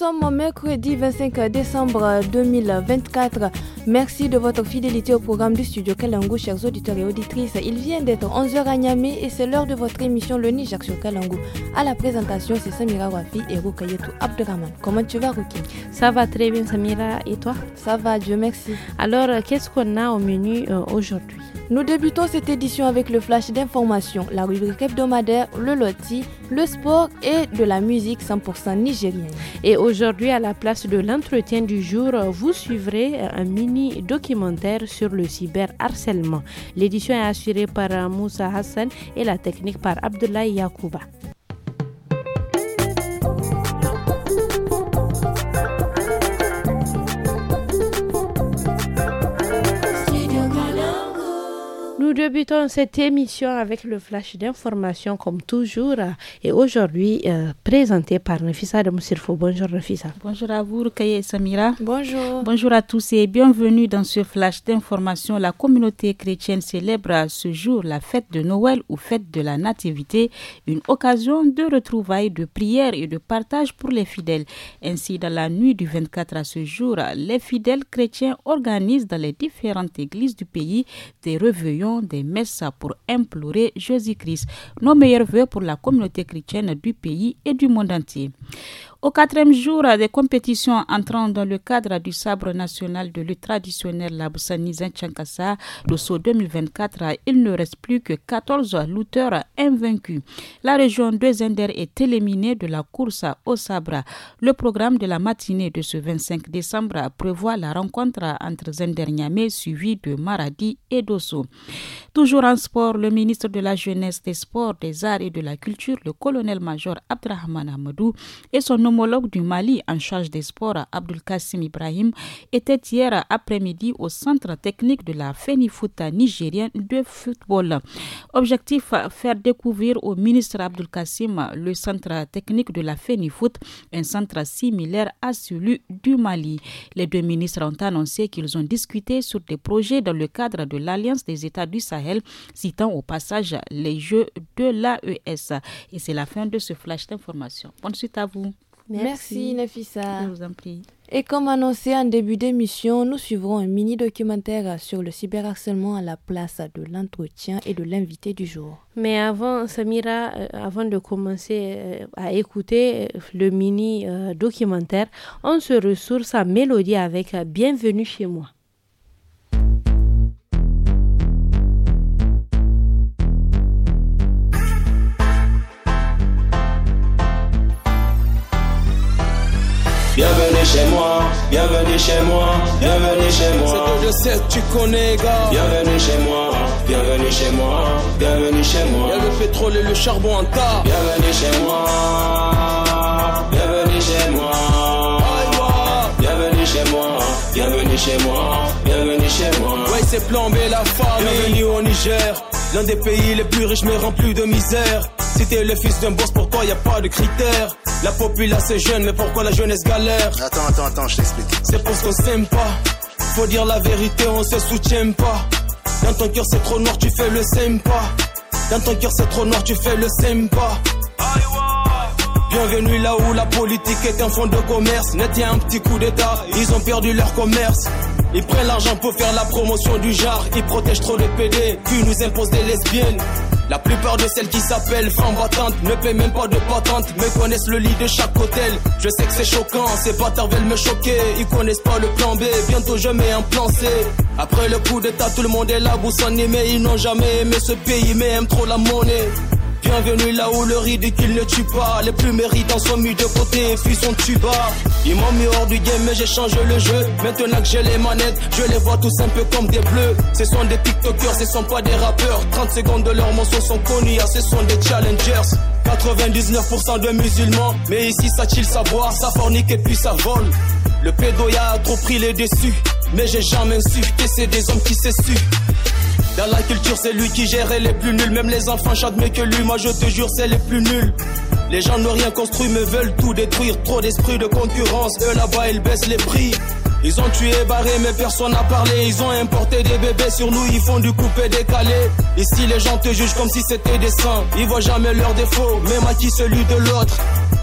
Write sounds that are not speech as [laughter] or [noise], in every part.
Nous sommes mercredi 25 décembre 2024. Merci de votre fidélité au programme du studio Kalangu, chers auditeurs et auditrices. Il vient d'être 11h à Niamey et c'est l'heure de votre émission Le Niger sur Kalangu. À la présentation, c'est Samira Wafi et Rukayetou Abdurrahman. Comment tu vas, Ruki Ça va très bien, Samira. Et toi Ça va, Dieu merci. Alors, qu'est-ce qu'on a au menu euh, aujourd'hui nous débutons cette édition avec le flash d'information, la rubrique hebdomadaire, le loti, le sport et de la musique 100% nigérienne. Et aujourd'hui, à la place de l'entretien du jour, vous suivrez un mini documentaire sur le cyberharcèlement. L'édition est assurée par Moussa Hassan et la technique par Abdoulaye Yakouba. Nous débutons cette émission avec le flash d'information comme toujours et aujourd'hui euh, présenté par Nefissa de Bonjour Nefissa. Bonjour à vous Rukaye et Samira. Bonjour. Bonjour à tous et bienvenue dans ce flash d'information. La communauté chrétienne célèbre ce jour la fête de Noël ou fête de la Nativité, une occasion de retrouvailles, de prières et de partage pour les fidèles. Ainsi, dans la nuit du 24 à ce jour, les fidèles chrétiens organisent dans les différentes églises du pays des reveillons des messes pour implorer Jésus-Christ. Nos meilleurs voeux pour la communauté chrétienne du pays et du monde entier. Au quatrième jour des compétitions entrant dans le cadre du sabre national de lutte traditionnelle Boussani le d'Osso 2024, il ne reste plus que 14 lutteurs invaincus. La région de Zender est éliminée de la course au sabre. Le programme de la matinée de ce 25 décembre prévoit la rencontre entre Zender Niamé, suivi de Maradi et d'Osso. Toujours en sport, le ministre de la Jeunesse, des Sports, des Arts et de la Culture, le colonel-major Abdrahman Amadou, et son homme homologue du Mali en charge des sports, Abdul Kassim Ibrahim, était hier après-midi au centre technique de la Fenifuta nigérienne de football. Objectif faire découvrir au ministre Abdul Kassim le centre technique de la Fenifoot, un centre similaire à celui du Mali. Les deux ministres ont annoncé qu'ils ont discuté sur des projets dans le cadre de l'Alliance des États du Sahel, citant au passage les jeux de l'AES. Et c'est la fin de ce flash d'information. Bonne suite à vous. Merci, Je vous Et comme annoncé en début d'émission, nous suivrons un mini documentaire sur le cyberharcèlement à la place de l'entretien et de l'invité du jour. Mais avant, Samira, euh, avant de commencer euh, à écouter euh, le mini documentaire, on se ressource à Mélodie avec Bienvenue chez moi. bienvenue chez moi, bienvenue chez moi, bienvenue chez moi. C'est que je sais, tu connais, gars. Bienvenue chez moi, bienvenue chez moi, bienvenue chez moi. Y'a le pétrole et le charbon en tas. Bienvenue chez moi, bienvenue chez moi. Bienvenue chez moi, bienvenue chez moi, bienvenue chez moi. Ouais, c'est plombé la famille. Bienvenue au Niger, l'un des pays les plus riches mais rempli de misère. Si t'es le fils d'un boss, pour toi y a pas de critères. La population est jeune, mais pourquoi la jeunesse galère Attends, attends, attends, je t'explique. C'est parce qu'on s'aime pas. Faut dire la vérité, on se soutient pas. Dans ton cœur c'est trop noir, tu fais le pas. Dans ton cœur c'est trop noir, tu fais le pas. Bienvenue là où la politique est un fond de commerce. Net un petit coup d'état, ils ont perdu leur commerce. Ils prennent l'argent pour faire la promotion du genre. Ils protègent trop les PD, puis nous imposent des lesbiennes. La plupart de celles qui s'appellent femmes battantes ne paient même pas de patente, mais connaissent le lit de chaque hôtel. Je sais que c'est choquant, ces bâtards veulent me choquer. Ils connaissent pas le plan B, bientôt je mets un plan C. Après le coup d'état, tout le monde est là, vous s'en aimer ils n'ont jamais aimé ce pays, mais aiment trop la monnaie. Bienvenue là où le ridicule ne tue pas. Les plus méritants sont mis de côté et puis sont tuba. Ils m'ont mis hors du game, mais j'ai changé le jeu. Maintenant que j'ai les manettes, je les vois tous un peu comme des bleus. Ce sont des TikTokers, ce sont pas des rappeurs. 30 secondes de leurs morceaux sont connus, ah, ce sont des challengers. 99% de musulmans, mais ici ça chill, savoir ça fornique et puis ça vole. Le pédoya a trop pris les déçus. Mais j'ai jamais su que c'est des hommes qui s'essuient. Dans la culture, c'est lui qui gérait les plus nuls. Même les enfants chantent mieux que lui. Moi, je te jure, c'est les plus nuls. Les gens n'ont rien construit, mais veulent tout détruire. Trop d'esprit de concurrence. Eux là-bas, ils baissent les prix. Ils ont tué, barré, mais personne n'a parlé. Ils ont importé des bébés sur nous, ils font du coupé décalé. Ici, les gens te jugent comme si c'était des saints. Ils voient jamais leurs défauts, même à qui celui de l'autre.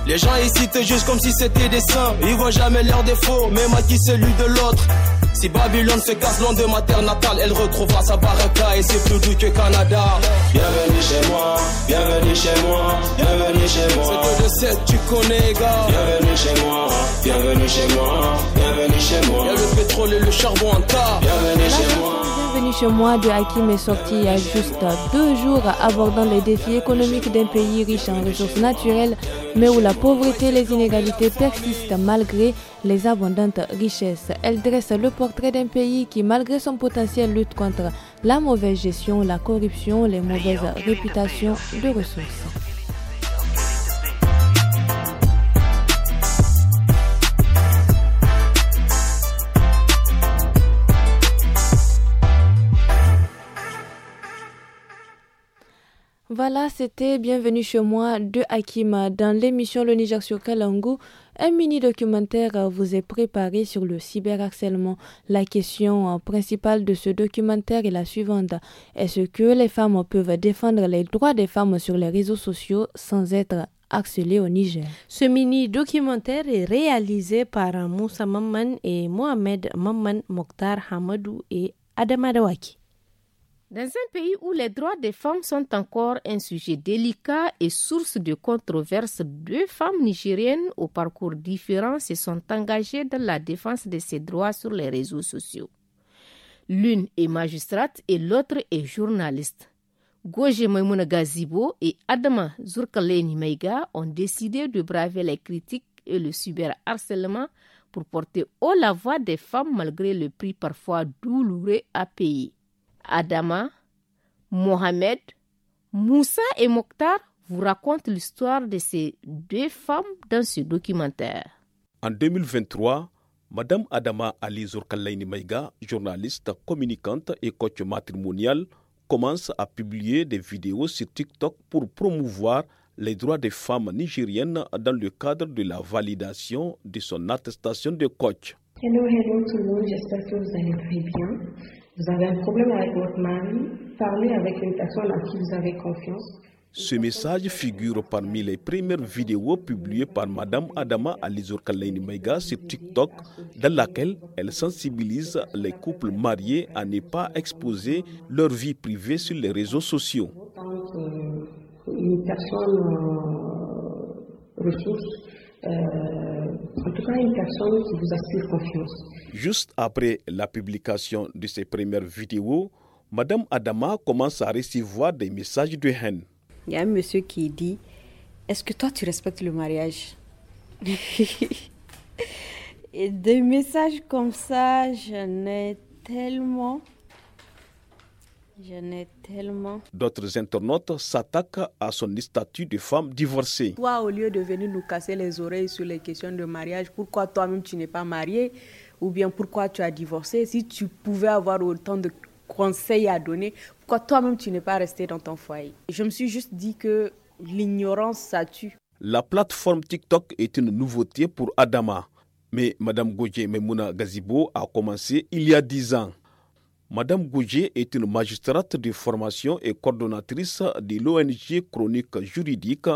Les gens ici te jugent comme si c'était des saints. Ils voient jamais leurs défauts, même à qui celui de l'autre. Si Babylone se casse loin de ma terre natale, elle retrouvera sa baraka et c'est plus doux que Canada. Bienvenue chez moi, bienvenue chez moi, bienvenue chez moi. C'est le de cette tu connais, gars. Bienvenue chez moi, bienvenue chez moi, bienvenue chez moi. Y'a le pétrole et le charbon en tas. Bienvenue chez moi. Bienvenue chez moi de Hakim est sorti il y a juste deux jours abordant les défis économiques d'un pays riche en ressources naturelles mais où la pauvreté et les inégalités persistent malgré les abondantes richesses. Elle dresse le portrait d'un pays qui malgré son potentiel lutte contre la mauvaise gestion, la corruption, les mauvaises réputations de ressources. Voilà, c'était Bienvenue chez moi de Hakim Dans l'émission Le Niger sur Kalangu, un mini-documentaire vous est préparé sur le cyberharcèlement. La question principale de ce documentaire est la suivante. Est-ce que les femmes peuvent défendre les droits des femmes sur les réseaux sociaux sans être harcelées au Niger Ce mini-documentaire est réalisé par Moussa Mamman et Mohamed Mamman Mokhtar Hamadou et Adama Dawaki. Dans un pays où les droits des femmes sont encore un sujet délicat et source de controverses, deux femmes nigériennes au parcours différent se sont engagées dans la défense de ces droits sur les réseaux sociaux. L'une est magistrate et l'autre est journaliste. Goje Maimouna Gazibo et Adama Zurkaleni Meiga ont décidé de braver les critiques et le cyberharcèlement pour porter haut la voix des femmes malgré le prix parfois douloureux à payer. Adama, Mohamed, Moussa et Mokhtar vous racontent l'histoire de ces deux femmes dans ce documentaire. En 2023, Madame Adama Ali Zourkalaini Maiga, journaliste, communicante et coach matrimonial, commence à publier des vidéos sur TikTok pour promouvoir les droits des femmes nigériennes dans le cadre de la validation de son attestation de coach. Hello, hello tout le monde, vous avez un problème avec votre mari, parlez avec une personne à qui vous avez confiance. Ce message figure parmi les premières vidéos publiées par Madame Adama Alizur Kalaini sur TikTok, dans laquelle elle sensibilise les couples mariés à ne pas exposer leur vie privée sur les réseaux sociaux. Euh, une personne euh, euh, en tout une personne qui vous confiance. Juste après la publication de ses premières vidéos, Madame Adama commence à recevoir des messages de haine. Il y a un monsieur qui dit Est-ce que toi tu respectes le mariage [laughs] Et des messages comme ça, je ai tellement. J'en ai tellement. D'autres internautes s'attaquent à son statut de femme divorcée. Toi, au lieu de venir nous casser les oreilles sur les questions de mariage, pourquoi toi-même tu n'es pas mariée ou bien pourquoi tu as divorcé Si tu pouvais avoir autant de conseils à donner, pourquoi toi-même tu n'es pas restée dans ton foyer Je me suis juste dit que l'ignorance, ça tue. La plateforme TikTok est une nouveauté pour Adama. Mais Mme Gauthier Memouna Gazibo a commencé il y a 10 ans. Madame Gouget est une magistrate de formation et coordonnatrice de l'ONG Chronique Juridique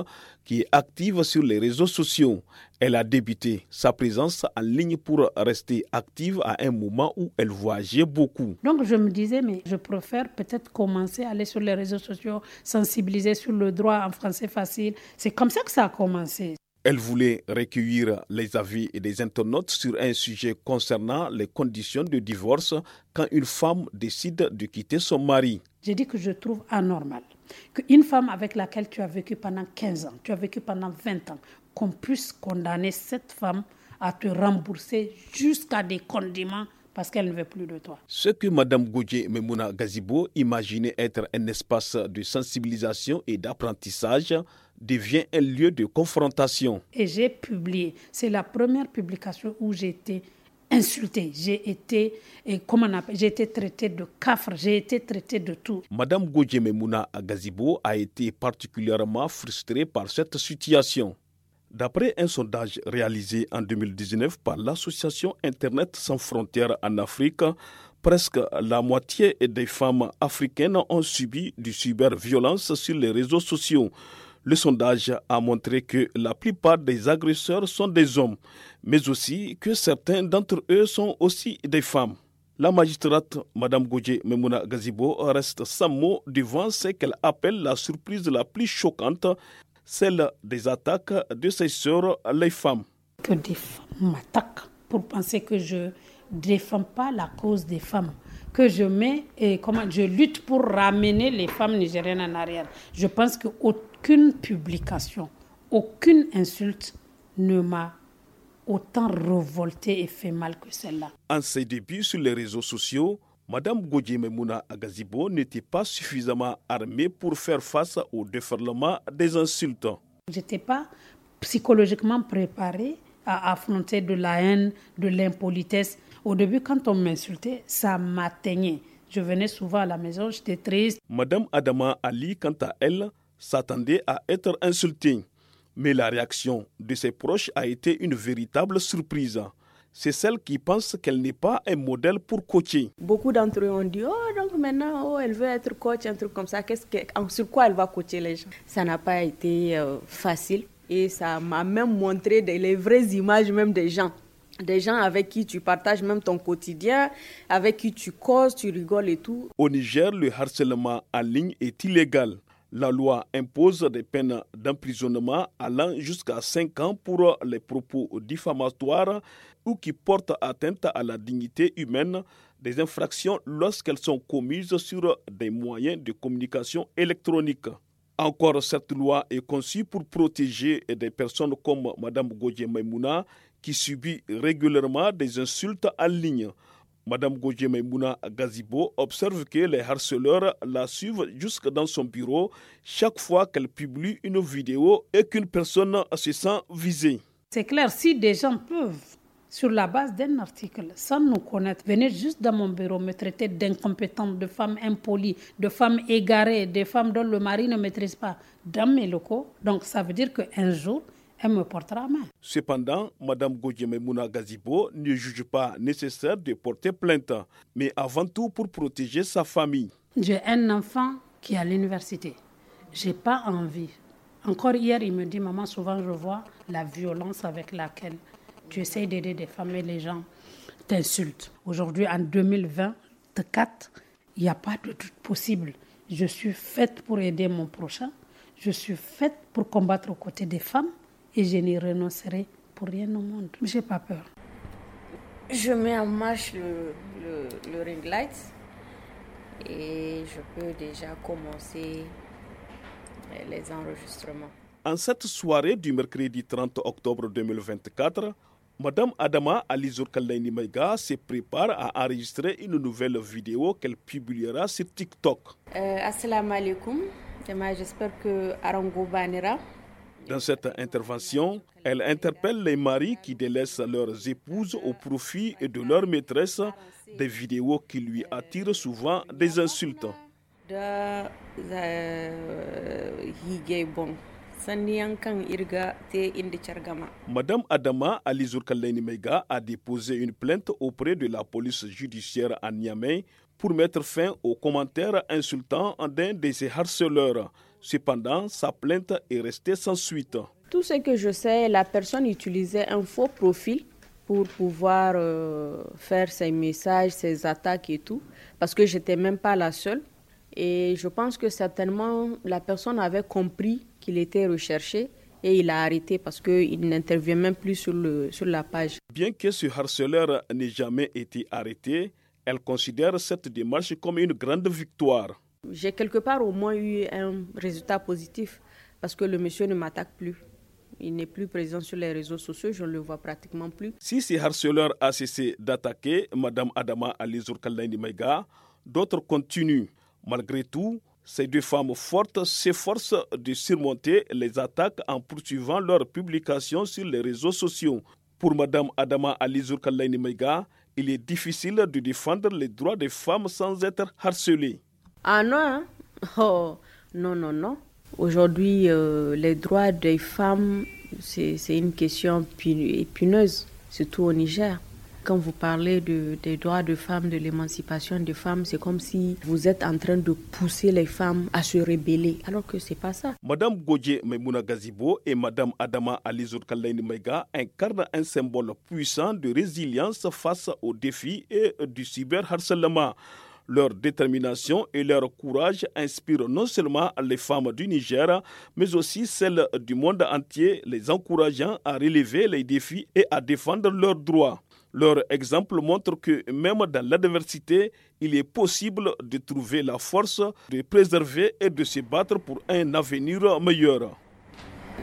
qui est active sur les réseaux sociaux. Elle a débuté sa présence en ligne pour rester active à un moment où elle voyageait beaucoup. Donc je me disais, mais je préfère peut-être commencer à aller sur les réseaux sociaux, sensibiliser sur le droit en français facile. C'est comme ça que ça a commencé. Elle voulait recueillir les avis des internautes sur un sujet concernant les conditions de divorce quand une femme décide de quitter son mari. J'ai dit que je trouve anormal qu'une femme avec laquelle tu as vécu pendant 15 ans, tu as vécu pendant 20 ans, qu'on puisse condamner cette femme à te rembourser jusqu'à des condiments parce qu'elle ne veut plus de toi. Ce que Mme Goudje Memouna Gazibo imaginait être un espace de sensibilisation et d'apprentissage, devient un lieu de confrontation. Et j'ai publié, c'est la première publication où j'étais insultée, j'ai été, et comment on appelle, j'ai été traitée de cafre, j'ai été traitée de tout. Madame Gojememouna Agazibo a été particulièrement frustrée par cette situation. D'après un sondage réalisé en 2019 par l'association Internet sans frontières en Afrique, presque la moitié des femmes africaines ont subi du cyberviolence sur les réseaux sociaux. Le sondage a montré que la plupart des agresseurs sont des hommes, mais aussi que certains d'entre eux sont aussi des femmes. La magistrate Madame Gauthier Memouna Gazibo reste sans mots devant ce qu'elle appelle la surprise la plus choquante, celle des attaques de ses sœurs, les femmes. Que des femmes m'attaquent pour penser que je défends pas la cause des femmes que je mets et comment je lutte pour ramener les femmes nigériennes en arrière. Je pense que aucune publication, aucune insulte ne m'a autant révolté et fait mal que celle-là. En ses débuts sur les réseaux sociaux, Madame Godje Agazibo n'était pas suffisamment armée pour faire face au déferlement des insultes. Je n'étais pas psychologiquement préparée à affronter de la haine, de l'impolitesse. Au début, quand on m'insultait, ça m'atteignait. Je venais souvent à la maison, j'étais triste. Madame Adama Ali, quant à elle, s'attendait à être insulté. Mais la réaction de ses proches a été une véritable surprise. C'est celle qui pense qu'elle n'est pas un modèle pour coacher. Beaucoup d'entre eux ont dit Oh, donc maintenant, oh, elle veut être coach, un truc comme ça. quest sur quoi elle va coacher les gens Ça n'a pas été euh, facile et ça m'a même montré les vraies images même des gens des gens avec qui tu partages même ton quotidien, avec qui tu causes, tu rigoles et tout. Au Niger, le harcèlement en ligne est illégal. La loi impose des peines d'emprisonnement allant jusqu'à 5 ans pour les propos diffamatoires ou qui portent atteinte à la dignité humaine des infractions lorsqu'elles sont commises sur des moyens de communication électronique. Encore, cette loi est conçue pour protéger des personnes comme Mme Godier Maimouna qui subit régulièrement des insultes en ligne. Madame Gojé Maimouna Gazibo observe que les harceleurs la suivent jusque dans son bureau chaque fois qu'elle publie une vidéo et qu'une personne se sent visée. C'est clair, si des gens peuvent, sur la base d'un article, sans nous connaître, venir juste dans mon bureau, me traiter d'incompétente, de femme impolie, de femme égarée, de femme dont le mari ne maîtrise pas, dans mes locaux, donc ça veut dire qu'un jour, elle me portera main. Cependant, Mme Mouna Gazibo ne juge pas nécessaire de porter plainte, mais avant tout pour protéger sa famille. J'ai un enfant qui est à l'université. J'ai pas envie. Encore hier, il me dit, maman, souvent je vois la violence avec laquelle tu essayes d'aider des femmes et les gens t'insultent. Aujourd'hui, en 2024, il n'y a pas de doute possible. Je suis faite pour aider mon prochain. Je suis faite pour combattre aux côtés des femmes et je n'y renoncerai pour rien au monde. Je n'ai pas peur. Je mets en marche le, ring light et je peux déjà commencer les enregistrements. En cette soirée du mercredi 30 octobre 2024, Madame Adama Alizur Kalaini Mega se prépare à enregistrer une nouvelle vidéo qu'elle publiera sur TikTok. Euh, assalamu alaikum. J'espère que Arango Banera, dans cette intervention, elle interpelle les maris qui délaissent leurs épouses au profit de leur maîtresse, des vidéos qui lui attirent souvent des insultes. Eh, Madame Adama Alizur Mega a déposé une plainte auprès de la police judiciaire à Niamey pour mettre fin aux commentaires insultants d'un de ses harceleurs. Cependant, sa plainte est restée sans suite. Tout ce que je sais, la personne utilisait un faux profil pour pouvoir euh, faire ses messages, ses attaques et tout, parce que n'étais même pas la seule. Et je pense que certainement la personne avait compris qu'il était recherché et il a arrêté parce qu'il n'intervient même plus sur la page. Bien que ce harceleur n'ait jamais été arrêté, elle considère cette démarche comme une grande victoire. J'ai quelque part au moins eu un résultat positif parce que le monsieur ne m'attaque plus. Il n'est plus présent sur les réseaux sociaux, je ne le vois pratiquement plus. Si ces harceleurs a cessé d'attaquer Mme Adama Alizur Kalani Maiga, d'autres continuent. Malgré tout, ces deux femmes fortes s'efforcent de surmonter les attaques en poursuivant leurs publications sur les réseaux sociaux. Pour Mme Adama Alizur Kalani Maiga, il est difficile de défendre les droits des femmes sans être harcelée. Ah non, hein? oh, non, non, non. Aujourd'hui, euh, les droits des femmes, c'est une question épineuse, surtout au Niger. Quand vous parlez de, des droits de femmes, de l'émancipation des femmes, c'est comme si vous êtes en train de pousser les femmes à se rébeller, alors que c'est pas ça. Madame Godje Maimouna Gazibo et Madame Adama Alizur Kalaini Mega incarnent un symbole puissant de résilience face aux défis et du cyberharcèlement. Leur détermination et leur courage inspirent non seulement les femmes du Niger, mais aussi celles du monde entier, les encourageant à relever les défis et à défendre leurs droits. Leur exemple montre que même dans l'adversité, il est possible de trouver la force de préserver et de se battre pour un avenir meilleur.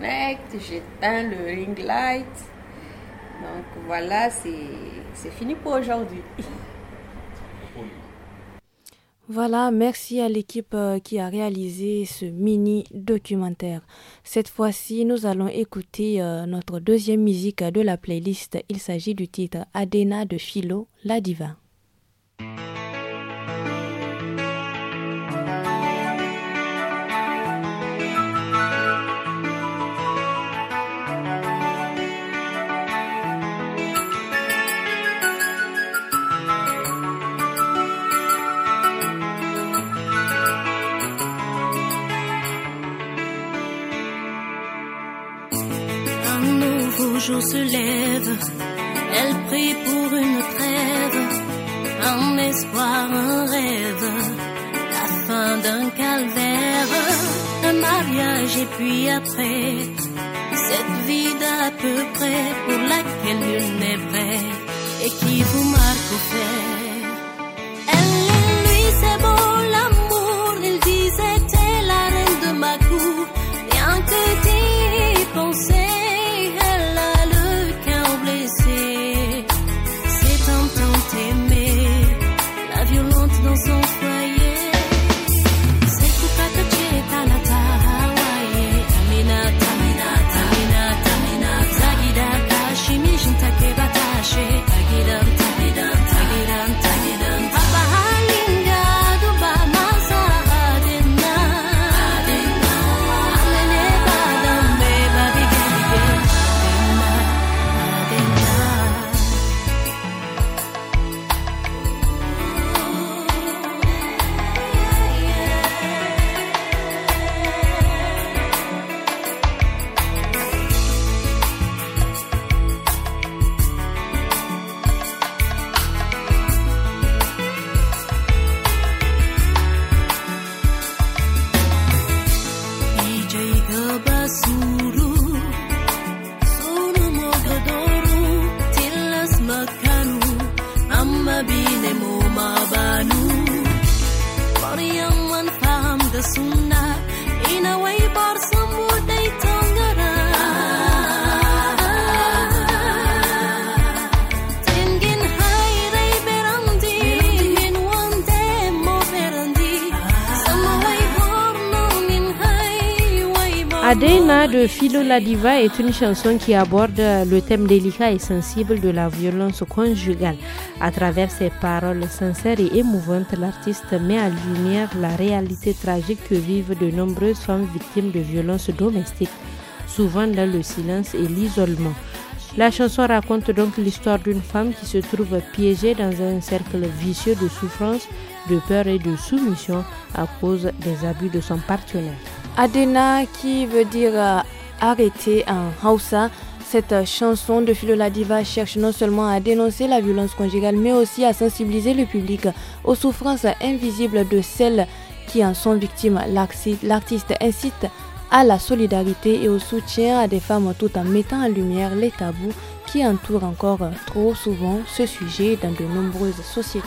J'éteins le ring light. Donc voilà, c'est fini pour aujourd'hui. Voilà, merci à l'équipe euh, qui a réalisé ce mini documentaire. Cette fois-ci, nous allons écouter euh, notre deuxième musique de la playlist. Il s'agit du titre Adena de Philo, la diva. se lève, elle prie pour une trêve, un espoir, un rêve, la fin d'un calvaire, un mariage et puis après, cette vie d'à peu près pour laquelle il n'est vrai et qui vous de la Diva est une chanson qui aborde le thème délicat et sensible de la violence conjugale. À travers ses paroles sincères et émouvantes, l'artiste met à lumière la réalité tragique que vivent de nombreuses femmes victimes de violences domestiques, souvent dans le silence et l'isolement. La chanson raconte donc l'histoire d'une femme qui se trouve piégée dans un cercle vicieux de souffrance, de peur et de soumission à cause des abus de son partenaire. Adena qui veut dire euh, arrêter en Hausa. Cette euh, chanson de Philo Diva cherche non seulement à dénoncer la violence conjugale, mais aussi à sensibiliser le public aux souffrances invisibles de celles qui en sont victimes. L'artiste incite à la solidarité et au soutien à des femmes tout en mettant en lumière les tabous qui entourent encore trop souvent ce sujet dans de nombreuses sociétés.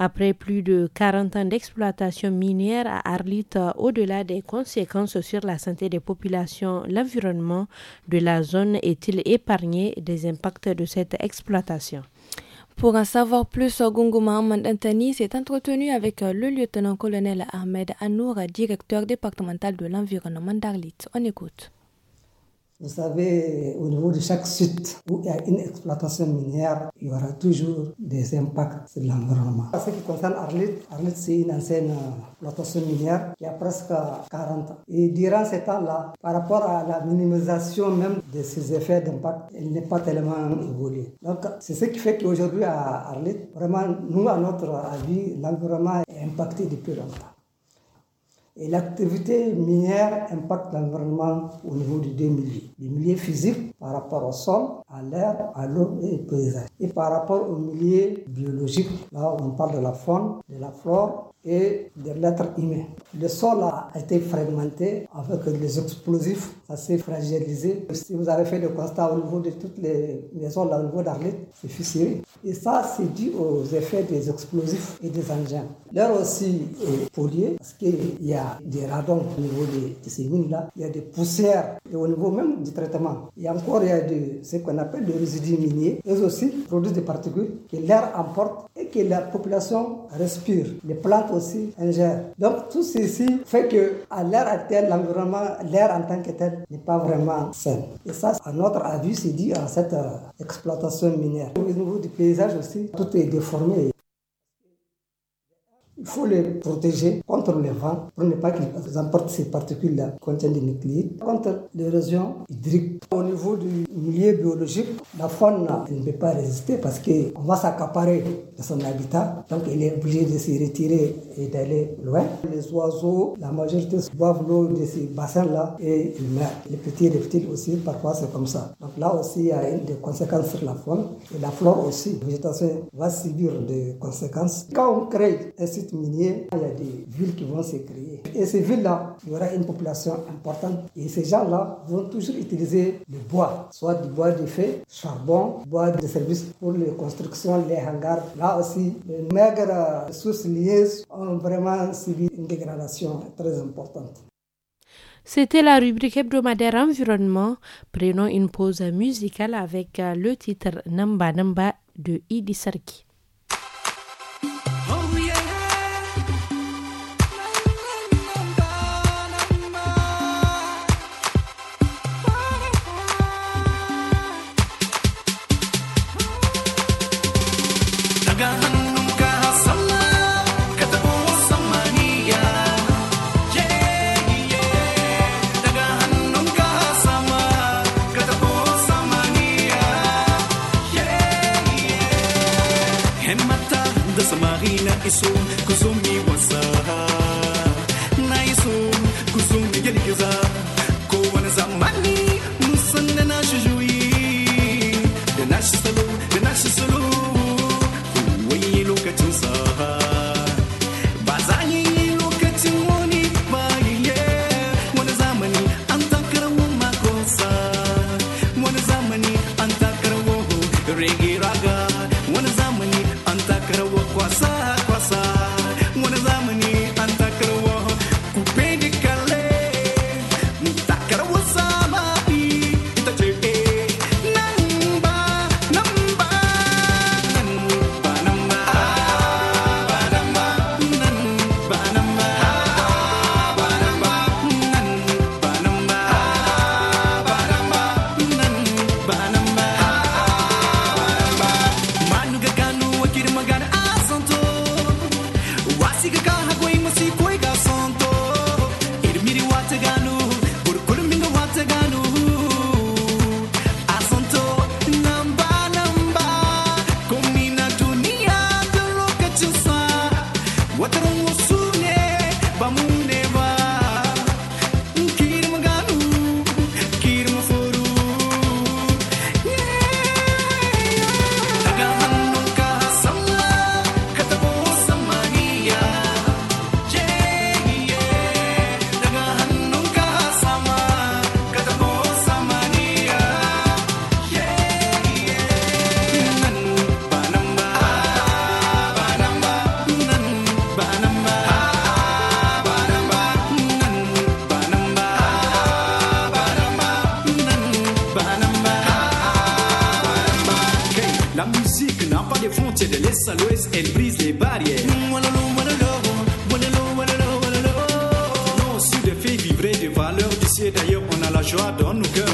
après plus de 40 ans d'exploitation minière à Arlit, au-delà des conséquences sur la santé des populations, l'environnement de la zone est-il épargné des impacts de cette exploitation pour en savoir plus, Gungu Mohamed Antani s'est entretenu avec le lieutenant-colonel Ahmed Anour, directeur départemental de l'environnement d'Arlit. On écoute. Vous savez, au niveau de chaque site où il y a une exploitation minière, il y aura toujours des impacts sur l'environnement. En ce qui concerne Arlit, Arlit c'est une ancienne exploitation euh, minière qui a presque 40 ans. Et durant ces temps-là, par rapport à la minimisation même de ses effets d'impact, elle n'est pas tellement évoluée. Donc, c'est ce qui fait qu'aujourd'hui à Arlit, vraiment, nous, à notre avis, l'environnement est impacté depuis longtemps. Et l'activité minière impacte l'environnement au niveau des deux milieux. Le milieu physique par rapport au sol, à l'air, à l'eau et au paysage. Et par rapport au milieu biologique, là on parle de la faune, de la flore, et des l'être humain. Le sol a été fragmenté avec les explosifs, ça s'est fragilisé. Si vous avez fait le constat au niveau de toutes les maisons, au niveau d'Arlette, c'est fissuré. Et ça, c'est dû aux effets des explosifs et des engins. L'air aussi est pollué parce qu'il y a des radons au niveau de, ces mines-là, il y a des poussières et au niveau même du traitement. Il y a encore il y a de, ce qu'on appelle des résidus miniers. Ils aussi produisent des particules que l'air emporte et que la population respire. Les plantes donc tout ceci fait que à l'heure actuelle, l'environnement, l'air en tant que tel n'est pas vraiment sain. Et ça, à notre avis, c'est dû à cette euh, exploitation minière. Au niveau du paysage aussi, tout est déformé. Il faut les protéger contre le vent pour ne pas qu'ils emportent ces particules-là qui contiennent des nucléides. Contre l'érosion hydrique, au niveau du milieu biologique, la faune ne peut pas résister parce qu'on va s'accaparer de son habitat. Donc il est obligé de s'y retirer et d'aller loin. Les oiseaux, la majorité boivent l'eau de ces bassins-là et ils meurent. Les petits reptiles aussi, parfois c'est comme ça. Donc là aussi, il y a des conséquences sur la faune et la flore aussi. La végétation va subir des conséquences. Quand on crée un site minières, il y a des villes qui vont se créer. Et ces villes-là, il y aura une population importante. Et ces gens-là vont toujours utiliser le bois, soit du bois de feu, charbon, bois de service pour les constructions, les hangars. Là aussi, les maigres sources liées ont vraiment subi une dégradation très importante. C'était la rubrique hebdomadaire environnement. Prenons une pause musicale avec le titre Namba Namba de Idi Sarki. soon, cause only once musique n'a pas de frontières, de l'est à l'ouest, elle brise les barrières. Non sur des filles vibrer des valeurs du ciel d'ailleurs, on a la joie dans nos cœurs.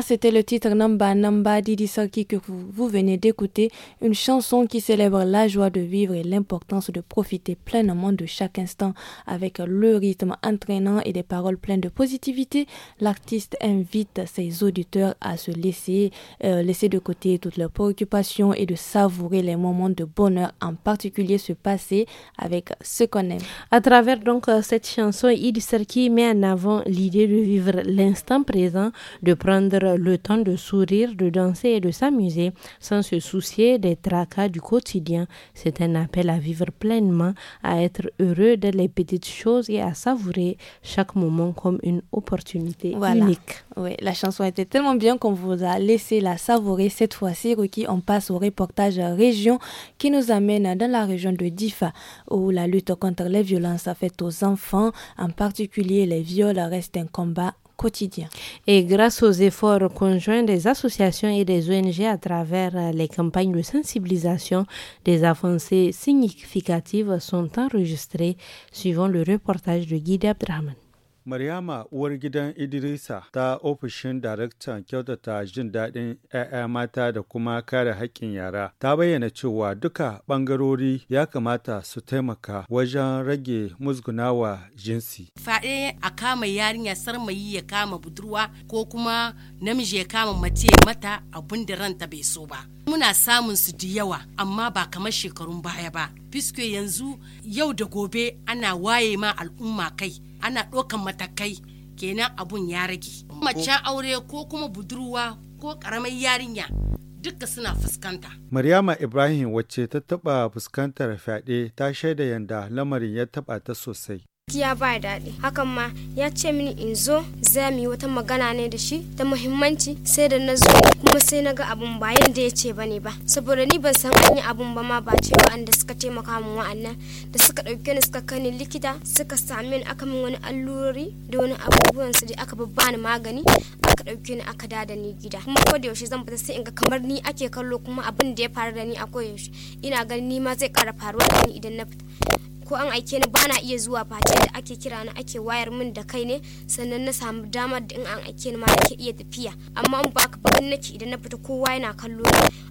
c'était le titre Namba Namba Didi Sarki que vous, venez d'écouter, une chanson qui célèbre la joie de vivre et l'importance de profiter pleinement de chaque instant. Avec le rythme entraînant et des paroles pleines de positivité, l'artiste invite ses auditeurs à se laisser, euh, laisser de côté toutes leurs préoccupations et de savourer les moments de bonheur, en particulier ce passé avec ce qu'on aime. À travers donc euh, cette chanson, Idi Sarki met en avant l'idée de vivre l'instant présent, de prendre le temps de sourire, de danser et de s'amuser sans se soucier des tracas du quotidien. C'est un appel à vivre pleinement, à être heureux des les petites choses et à savourer chaque moment comme une opportunité unique. Oui, la chanson était tellement bien qu'on vous a laissé la savourer cette fois-ci. Ruki, on passe au reportage région qui nous amène dans la région de Difa où la lutte contre les violences faites aux enfants, en particulier les viols, reste un combat et grâce aux efforts conjoints des associations et des ONG à travers euh, les campagnes de sensibilisation, des avancées significatives sont enregistrées, suivant le reportage de Guy Abdraman. Maryama uwar gidan Idrisa ta ofishin daraktan kyautata jin daɗin 'ya'ya mata da kuma kare haƙƙin yara ta bayyana cewa duka ɓangarori ya kamata su taimaka wajen rage musgunawa jinsi. Faɗe a kama yarinya sarmayi ya kama budurwa ko kuma namiji ya kama mace mata abun da ranta bai so ba. Muna samun su da yawa amma ba kamar shekarun baya ba. Fiske yanzu yau da gobe ana waye ma al'umma kai. ana ɗaukan matakai kenan abun ya rage macen aure ko kuma budurwa ko ƙaramar yarinya duka suna fuskanta. Maryama Ibrahim wacce ta taɓa fuskantar fyaɗe ta shaida yanda lamarin ya taɓa ta sosai. ya ba daɗi. Hakan ma ya ce mini in zo za mu wata magana ne da shi ta muhimmanci sai da na zo kuma sai na ga abun ba yadda ya ce ba ne ba. Saboda ni ban san an abun ba ma ba ce waɗanda suka taimaka min wa'annan da suka ɗauke ni suka kani likita suka sami ni aka min wani allurori da wani abubuwan su da aka ni magani aka ɗauke ni aka dada ni gida. Kuma ko da yaushe zan fita sai in ga kamar ni ake kallo kuma abin da ya faru da ni a koyaushe ina ganin ni ma zai ƙara faruwa da ni idan na fita. ko an aike ni bana iya zuwa face da ake kira na ake wayar min da kai ne sannan na samu damar da in an aike ni ma nake iya tafiya amma in baka bakin nake idan na fita kowa yana kallo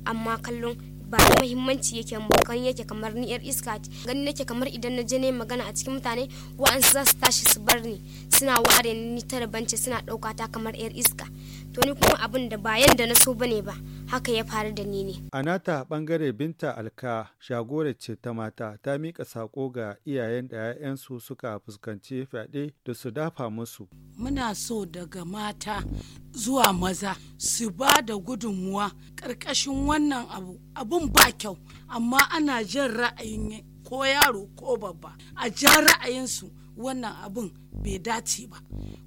amma kallon ba da mahimmanci yake kan yake kamar ni yar iska ce gani nake kamar idan na je ne magana a cikin mutane wa'ansu za su tashi su bar ni suna ware ni ta suna ɗauka ta kamar yar iska to ni kuma abin da ba yanda na so bane ba haka ya faru da ni ne. anata nata bangare Binta Alka shagorar ce ta mata ta mika sako ga iyayen da 'ya'yansu suka fuskanci fyaɗe da su dafa musu. Muna so daga mata zuwa maza su ba da gudunmuwa ƙarƙashin wannan abu abun ba kyau amma ana jin ra'ayin ko yaro ko babba a ja ra'ayinsu wannan abun bai dace ba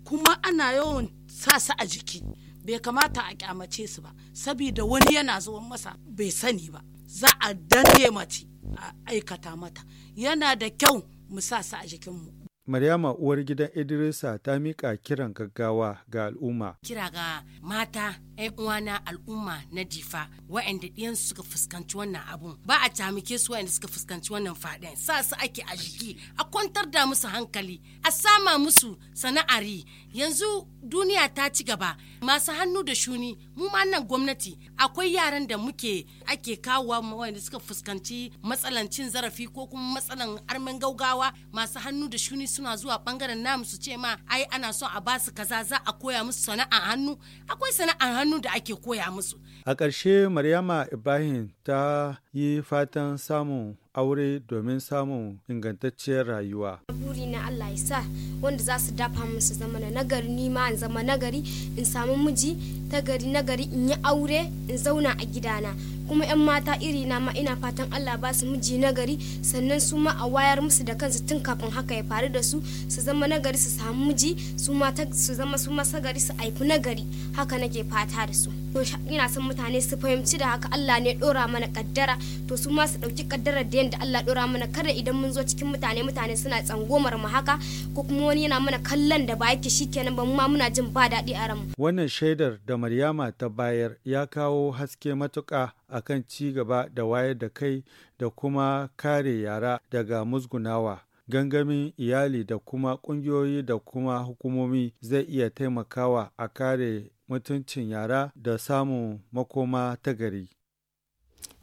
kuma ana yawan sasa a jiki. bai kamata a kyamace su ba saboda wani yana zuwan masa bai sani ba za a danne mace a aikata mata yana da kyau mu sa su a jikinmu Maryama uwar gidan Idrisa ta mika kiran gaggawa ga al'umma. Kira ga mata 'yan uwana al'umma na difa waɗanda ɗiyan suka fuskanci wannan abun ba a tamike su wayanda suka fuskanci wannan faɗin sa su ake a jiki a kwantar da musu hankali a sama musu sana'ari yanzu duniya ta ci gaba masu hannu da shuni mu ma nan gwamnati akwai yaran da muke ake kawowa wanda suka fuskanci matsalan cin zarafi ko kuma matsalan armen gaugawa masu hannu da shuni suna zuwa bangaren namu su ce ma ai ana son a basu kaza za a koya musu sana'an hannu akwai sana'ar hannu da ake koya musu a ƙarshe maryama ibrahim ta yi fatan samun aure domin samun ingantacciyar rayuwa. Buri na Allah ya sa wanda za su dafa musu zama na nagari ni ma in zama nagari in samu miji ta gari na gari in yi aure in zauna a gidana kuma 'yan mata iri na ma ina fatan Allah ba su miji na gari sannan su ma a wayar musu da kansu tun kafin haka ya faru da su su zama na gari su samu miji su ma su zama su masa gari su aifi na gari haka nake fata da su to ina son mutane su fahimci da haka Allah ne dora mana kaddara to su ma su dauki kaddarar da yanda Allah dora mana kada idan mun zo cikin mutane mutane suna tsangomar mu haka ko kuma wani yana mana kallon da ba yake shikenan ba mu ma muna jin ba daɗi a ran wannan shaidar da Maryama ta bayar ya kawo haske matuƙa a kan ci gaba da wayar da kai da kuma kare yara daga musgunawa. Gangamin iyali da kuma ƙungiyoyi da kuma hukumomi zai iya taimakawa a kare mutuncin yara da samun makoma ta gari.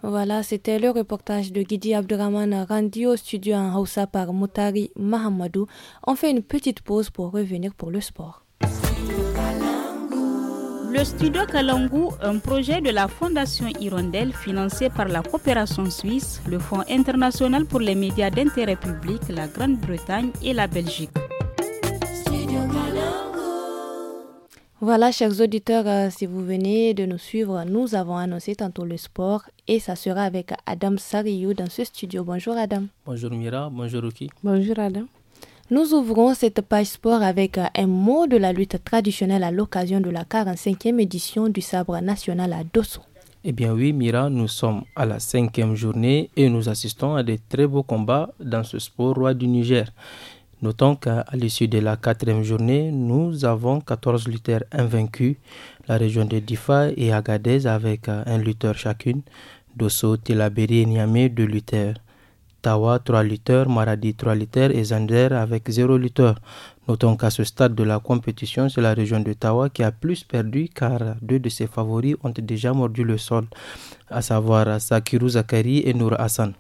Voilà, c'était le reportage de Gidi Abdurrahman rendu au studio en Hausa par mutari Mahamadou. On fait une petite pause pour revenir pour le sport. Le studio Kalangu, un projet de la Fondation Hirondelle financé par la coopération suisse, le Fonds international pour les médias d'intérêt public, la Grande-Bretagne et la Belgique. Voilà, chers auditeurs, euh, si vous venez de nous suivre, nous avons annoncé tantôt le sport et ça sera avec Adam Sariou dans ce studio. Bonjour Adam. Bonjour Mira, bonjour Ruki. Bonjour Adam. Nous ouvrons cette page sport avec euh, un mot de la lutte traditionnelle à l'occasion de la 45e édition du sabre national à Dosso. Eh bien oui, Mira, nous sommes à la cinquième journée et nous assistons à de très beaux combats dans ce sport roi du Niger. Notons qu'à l'issue de la quatrième journée, nous avons 14 lutteurs invaincus, la région de Difa et Agadez avec euh, un lutteur chacune, Dosso, Telaberi et Niamey, deux lutteurs. Tawa 3 lutteurs, Maradi 3 lutteurs et Zander avec 0 lutteur. Notons qu'à ce stade de la compétition, c'est la région de Tawa qui a plus perdu car deux de ses favoris ont déjà mordu le sol, à savoir Sakiru Zakari et Nour Hassan.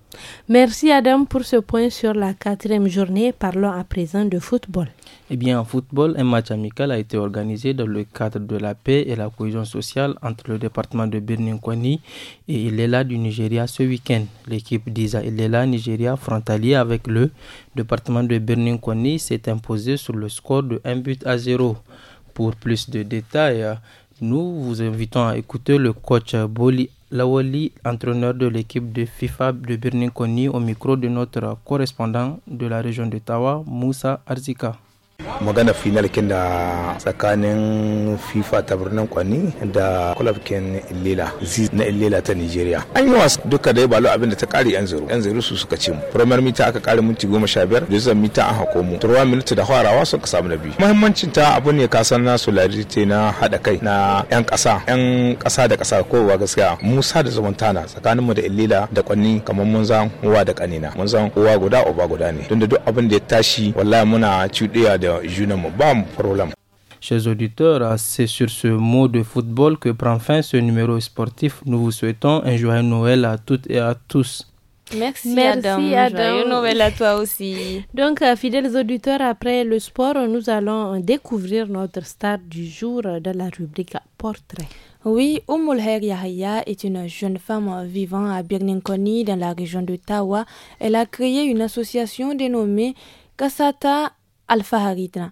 Merci Adam pour ce point sur la quatrième journée. Parlons à présent de football. Eh bien, en football, un match amical a été organisé dans le cadre de la paix et la cohésion sociale entre le département de Koni et Ilela du Nigeria ce week-end. L'équipe d'Isa Ilela Nigeria frontalier avec le département de Koni, s'est imposée sur le score de 1 but à 0. Pour plus de détails, euh, nous vous invitons à écouter le coach euh, Boli Lawali, entraîneur de l'équipe de FIFA de Koni, au micro de notre correspondant de la région de Tawa, Moussa Arzika. magana final kin da tsakanin fifa ta birnin kwani da club kin zi na lila ta nigeria an yi wasu duka dai balo abin da ta kare yan zero yan zero su suka ce mu premier mita aka kare minti goma sha biyar rizal mita an hako mu turwa minti da farawa suka samu na biyu muhimmancin ta abu ne kasan na solidarity na haɗa kai na yan kasa yan kasa da ƙasa kowa gaskiya musa da zumunta na tsakanin mu da lila da kwanni kamar mun zan uwa da kanina mun zan uwa guda uba guda ne tunda duk abin da ya tashi wallahi muna cuɗiya da je problème. Chers auditeurs, c'est sur ce mot de football que prend fin ce numéro sportif. Nous vous souhaitons un joyeux Noël à toutes et à tous. Merci, Merci Adam. Joyeux Noël à toi aussi. Donc, euh, fidèles auditeurs, après le sport, nous allons découvrir notre star du jour dans la rubrique Portrait. Oui, Umulher Yahya est une jeune femme vivant à Birninkoni dans la région de Tawa. Elle a créé une association dénommée Kasata Alpha Haritna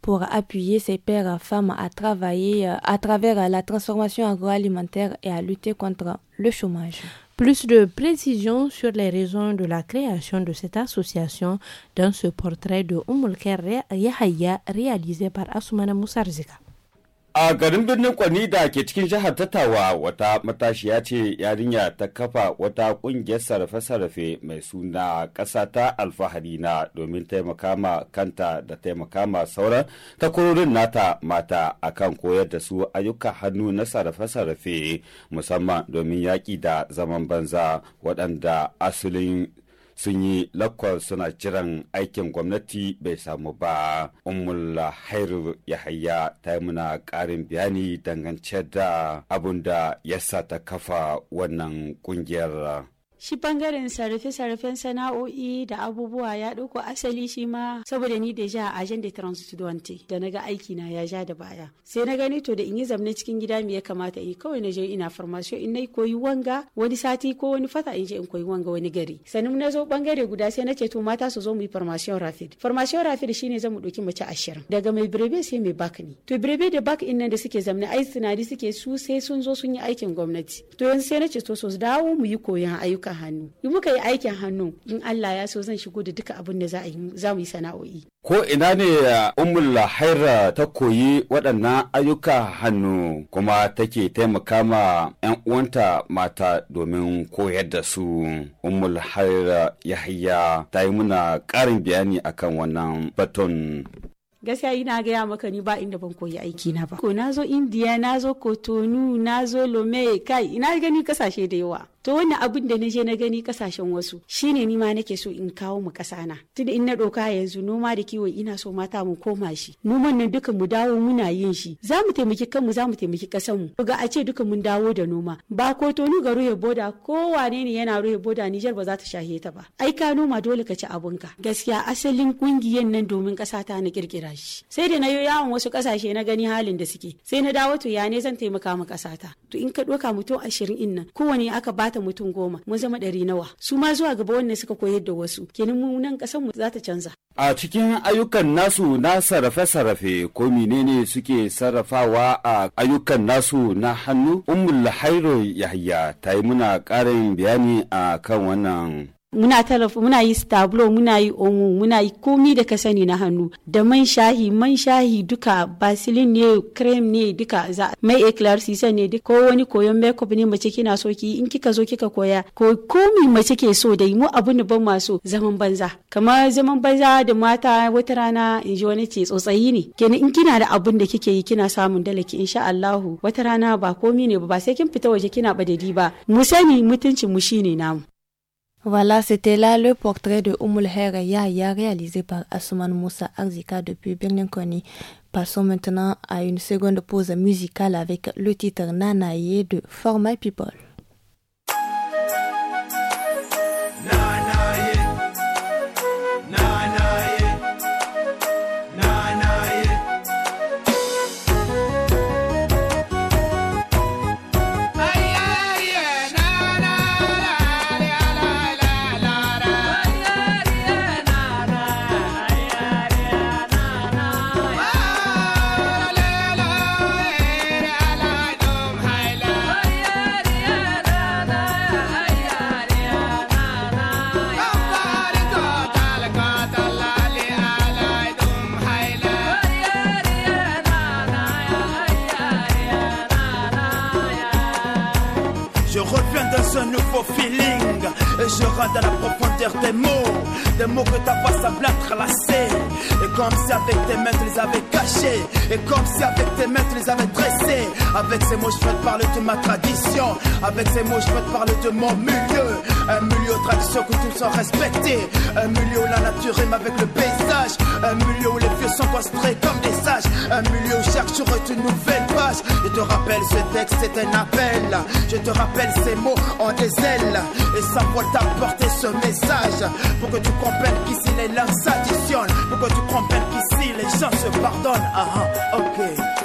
pour appuyer ses pères et femmes à travailler euh, à travers euh, la transformation agroalimentaire et à lutter contre le chômage. Plus de précisions sur les raisons de la création de cette association dans ce portrait de Umulker Yahya réalisé par Asumana Moussarzika. A garin birnin Kwani da ke cikin jihar Tattawa wata matashiya ce yarinya ta kafa wata kungiyar sarrafe-sarrafe mai suna ƙasa ta alfahari na domin taimaka ma kanta da taimaka ma sauran takwarorin nata mata akan koyar da su ayyukan hannu na sarrafe-sarrafe musamman domin yaƙi da zaman banza waɗanda asalin sun yi lakwal suna jiran aikin gwamnati bai samu ba umulla hairu yahaya ta yi muna ƙarin bayani dangance da abun da ya sa ta kafa wannan ƙungiyar Shi bangaren sarrafe-sarrafen sana'o'i da abubuwa ya ɗauko asali shi ma saboda ni da ja a agenda transitudante da na ga aiki na ya ja da baya. Sai na gani to da in yi zamne cikin gida me ya kamata in kawai na je ina farmasiyo in na koyi wanga wani sati ko wani fata in je in koyi wanga wani gari. Sannan na zo bangare guda sai na ce to mata su zo mu yi farmasiyon rafid. Farmasiyon rafid shine zamu ɗauki mace ashirin daga mai birebe sai mai bak ne. To birebe da bak in nan da suke zamne ai sinadi suke su sai sun zo sun yi aikin gwamnati. To yanzu sai na ce to su dawo mu yi koyon ayyuka hannu in muka yi aikin hannu in Allah ya so zan shigo da duka abin da za mu yi sana'o'i ko ina ne uh, ummul haira ta koyi waɗannan ayyuka hannu kuma take taimaka ma 'yan uwanta mata domin koyar da su ummul haira yahya ta yi muna ƙarin bayani akan wannan baton gaskiya ina gaya maka ni ba inda ban koyi aiki na ba ko nazo indiya nazo kotonu nazo lome kai ina gani kasashe da yawa to wannan abin da na je na gani kasashen wasu shine ni ma nake so in kawo mu kasa na tunda in na doka yanzu noma da kiwo ina so mata mu koma shi noman nan duka mu dawo muna yin shi za mu taimaki kanmu za mu taimaki kasan mu ga a ce duka mun dawo da noma ba ko to ni ga ruhe boda ko wane ne yana ruhe boda ni ba za ta shahe ta ba ai ka noma dole ka ci ka. gaskiya asalin ƙungiyan nan domin kasa ta na kirkira shi sai da na yi yawon wasu kasashe na gani halin da suke sai na dawo to ya ne zan taimaka ma kasa ta to in ka doka mutum ashirin in nan kowane aka bata bukata mutum goma mun zama ɗari nawa su ma zuwa gaba wannan suka koyar da wasu kenan mu nan ƙasar mu za ta canza. A cikin ayyukan nasu na sarrafe-sarrafe ko menene suke sarrafawa a ayyukan nasu na hannu? Ummul Hairo Yahya ta yi muna ƙarin bayani a kan wannan muna talafu muna yi stablo muna yi omo muna yi komi da ka sani na hannu da man shahi man shahi duka basilin ne cream ne duka za mai eclair sisa ne ko wani koyon makeup ne mace kina so ki in kika zo kika koya ko komi mace ke so dai mu abu ne ban maso zaman banza kamar zaman banza da mata wata rana in ji wani ce tsotsayi ne kenan in kina da abun da kike yi kina samun dalaki insha Allahu wata rana ba komi ne ba sai kin fita waje kina badadi ba mu sani mutuncin mu shine namu Voilà, c'était là le portrait de Oumul Yahya réalisé par Asuman Moussa Arzika depuis Birniankoni. Passons maintenant à une seconde pause musicale avec le titre Nanaye de My People. mots que ta voix être lassée. Et comme si avec tes mains tu les avais cachés. Et comme si avec tes mains tu les avais dressés. Avec ces mots, je veux te parler de ma tradition. Avec ces mots, je veux te parler de mon milieu. Un milieu tradition que tout soit respecté Un milieu où la nature rime avec le paysage. Un milieu où les vieux sont construits comme des sages. Un milieu est une nouvelle page. Je te rappelle, ce texte c'est un appel. Je te rappelle, ces mots en des ailes. Et ça pour t'apporter ce message. Pour que tu comprennes qu'ici les langues s'additionnent. Pour que tu comprennes qu'ici les gens se pardonnent. Ah Ah, ok.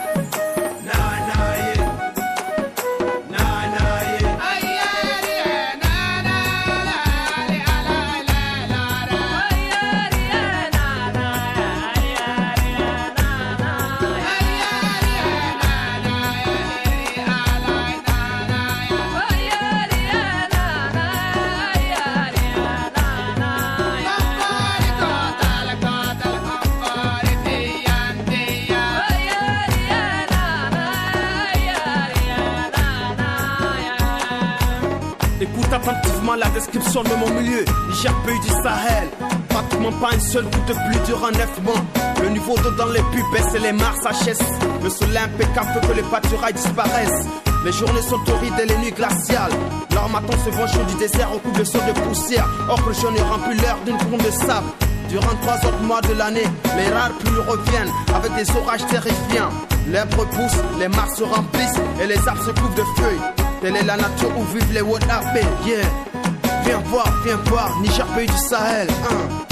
de mon milieu, Niger, pays du Sahel. Pratiquement pas une seule goutte de pluie durant 9 mois. Le niveau d'eau dans les puits baisse et les mares s'achèvent. Le soleil impeccable fait que les pâturailles disparaissent. Les journées sont horribles et les nuits glaciales. matin se vend chaud du désert au coup de saut de poussière. Or que je n'ai rempli l'air d'une couronne de sable. Durant trois autres mois de l'année, les rares pluies reviennent avec des orages terrifiants. L'herbe pousse, les mares se remplissent et les arbres se couvrent de feuilles. Telle est la nature où vivent les Wood Viens voir, viens voir, Niger pays du Sahel. Hein.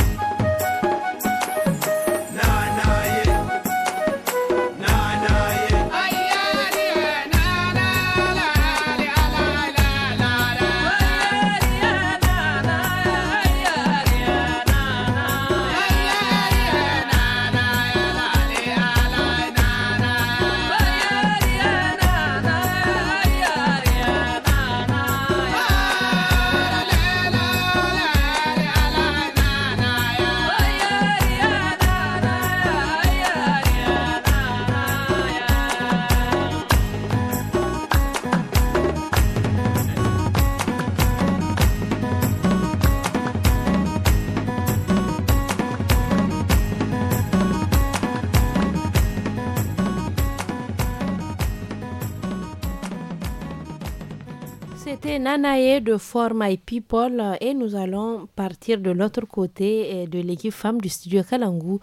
Nanae de For My People euh, et nous allons partir de l'autre côté euh, de l'équipe femme du studio Kalangu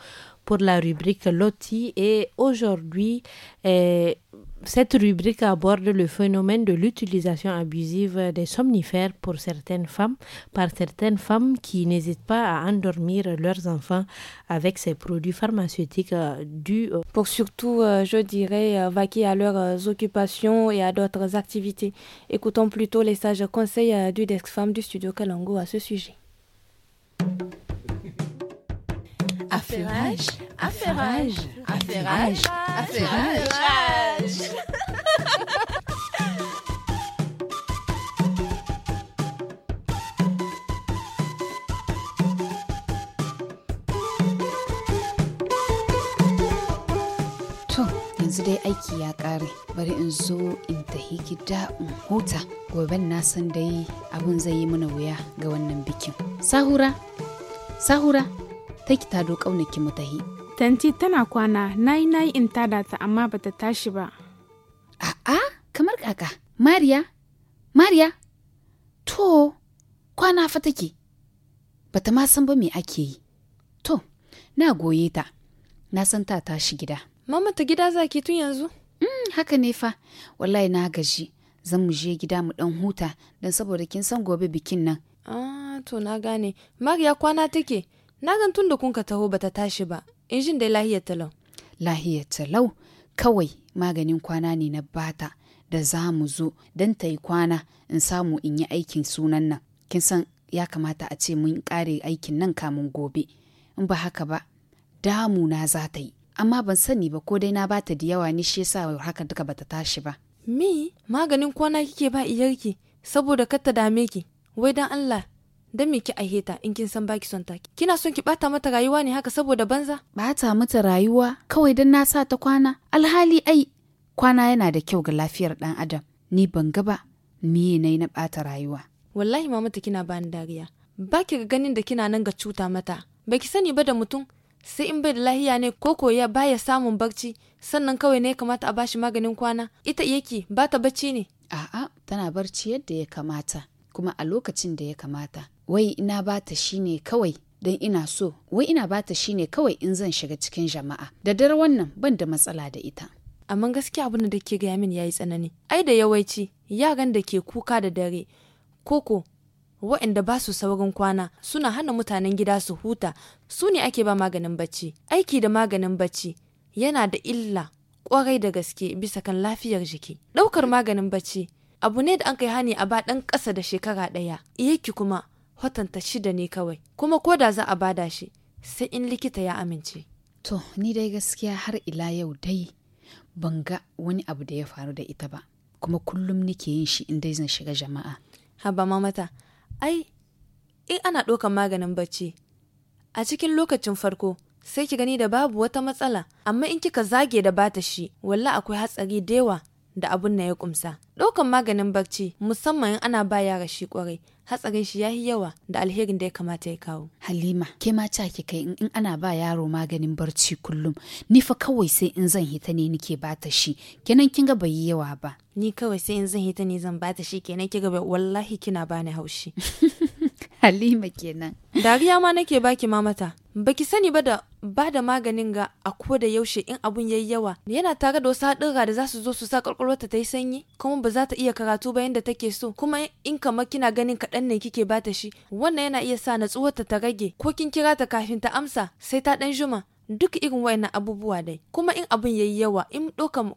pour la rubrique Loti et aujourd'hui euh, cette rubrique aborde le phénomène de l'utilisation abusive des somnifères pour certaines femmes, par certaines femmes qui n'hésitent pas à endormir leurs enfants avec ces produits pharmaceutiques euh, dus. Pour surtout, euh, je dirais, euh, vaquer à leurs occupations et à d'autres activités. Écoutons plutôt les sages conseils du Desk Femme du studio Kalango à ce sujet. Affairage, affairage, affairage, affairage. Mensch. [laughs] yanzu dai aiki ya ƙare bari in zo in tahi gida in huta Gobe na san dai abin zai yi mana wuya ga wannan bikin sahura sahura ta ki tado ƙaunaki mu tahi Tanti tana kwana, na yi na yi in tada ta amma bata tashi ba. A'a, kamar kaka, Mariya, Mariya, to, kwana fa take, bata ma san ba me ake yi. To, na goye ta, na san ta tashi gida. Mama ta gida zaki tun yanzu? Mm, haka ne fa, wallahi na gaji, zan mu je gida mu dan huta don saboda kin san gobe bikin nan. Ah, to na gane, Mariya kwana take, na gan tun da kun ka taho bata tashi ba. injin dai lahiyar talau lahiyar talau kawai maganin kwana ne na bata da za mu zo don ta yi kwana in samu in yi aikin sunan nan kin san ya kamata a ce mun kare aikin nan kamun gobe in ba haka ba damu na za ta yi amma ban sani ba ko dai na bata da yawa ni shi yasa haka duka bata tashi ba mi maganin kwana kike ba iyarki saboda kar ta dame ki wai dan Allah dan me ki ta in kin san baki son ta kina son ki bata mata rayuwa ne haka saboda banza bata mata rayuwa kawai dan na sa ta kwana alhali ai kwana yana da kyau ga lafiyar dan adam ni ban ga ba me ne na bata rayuwa wallahi mamata kina bani dariya baki ga ganin da kina nan ga cuta mata baki sani ba da mutum sai in bai da lahiya ne ko koya baya samun barci sannan kawai ne kamata a bashi maganin kwana ita iyaki ba ta bacci ne a'a tana barci yadda ya kamata kuma a lokacin da ya kamata wai ina bata shine kawai don ina so wai ina bata shine kawai in zan shiga cikin jama'a da dare wannan ban da matsala da ita amma gaskiya abin da ke gaya min yayi tsanani ai da yawanci yaran da ke kuka da dare koko waɗanda ba su saurin kwana suna hana mutanen gida su huta su ne ake ba maganin bacci aiki da maganin bacci yana da illa kwarai da gaske bisa kan lafiyar jiki ɗaukar maganin bacci abu ne da an kai hani a ba ɗan ƙasa da shekara ɗaya iyaki kuma hotanta shida ne kawai kuma ko da za a bada shi sai in likita ya amince to ni dai gaskiya har ila yau dai ban ga wani abu da ya faru da ita ba kuma kullum nike yin shi in dai zan shiga jama'a haba mata ai in ana ɗaukar maganin bacci a cikin lokacin farko sai ki gani da babu wata matsala amma in kika zage da bata shi walla akwai hatsari da yawa da abun na ya kumsa Ɗaukan maganin barci musamman in ana ba yara shi kwarai hatsarin shi ya yi yawa da alherin da ya kamata ya kawo. Halima, ke ma ca ki kai in ana ba yaro maganin barci kullum, ni fa kawai sai in zan hita ne nike bata shi, kenan kin ga bai yi yawa ba. Ni kawai sai in zan hita ne zan bata shi kenan ga bai wallahi kina bani haushi. [laughs] Halima kenan. Dariya ma nake baki mamata. baki sani ba da ba da maganin ga a ko da yaushe in abun yayi yawa yana tare da wasu haɗura da za su zo su sa ƙwaƙwalwarta ta yi sanyi kuma ba za ta iya karatu ba yadda take so kuma in kamar kina ganin kaɗan ne kike bata shi wannan yana iya sa natsuwarta ta rage ko kin kira ta kafin ta amsa sai ta ɗan juma duk irin wayannan abubuwa dai kuma in abun yayi yawa in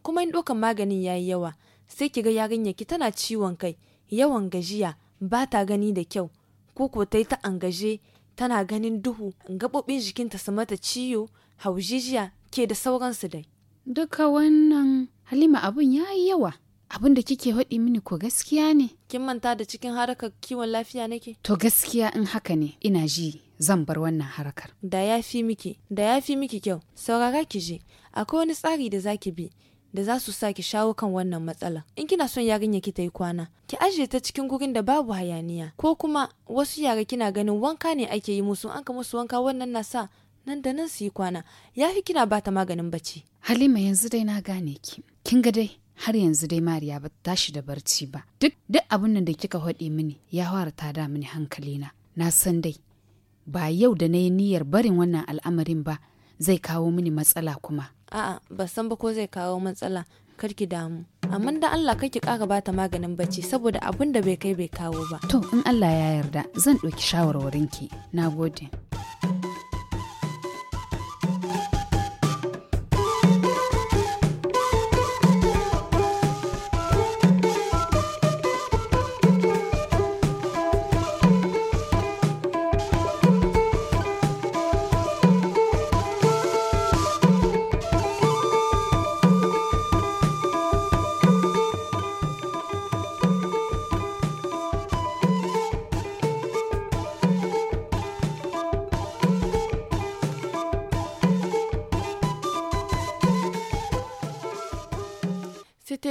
kuma in ɗokan maganin yayi yawa sai ki ga yarinyar ki tana ciwon kai yawan gajiya ba ta gani da kyau ko ko ta yi ta angaje tana ganin duhu gaɓoɓin jikinta su mata ciwo haujijiya ke da sauransu dai duka wannan halima abun ya yi yawa abin da kike haɗi mini ko gaskiya ne kin manta da cikin harakar kiwon lafiya nake to gaskiya in haka ne ina ji zan bar wannan harakar. da ya fi miki da ya fi miki kyau saurara ki je akwai wani tsari da zaki bi da za su sake shawo kan wannan matsalan. In kina son yarinya ki ta yi kwana, ki ajiye ta cikin gurin da babu hayaniya ko kuma wasu yara kina ganin wanka ne ake yi musu an ka musu wanka wannan na sa nan da nan su yi kwana ya fi kina ba ta maganin bacci. Halima yanzu dai na gane ki. Kin ga dai har yanzu dai Mariya ba ta tashi da barci ba. Duk duk abin da kika haɗe mini ya fara ta da mini hankalina. Na san dai ba yau da na yi niyyar barin wannan al'amarin ba zai kawo mini matsala kuma. a'a ba san ba ko zai kawo matsala kar ki damu amma dan Allah kai ki kara bata maganin bacci saboda abin da bai kai bai kawo ba to in Allah ya yarda zan ɗauki shawarwarinki nagode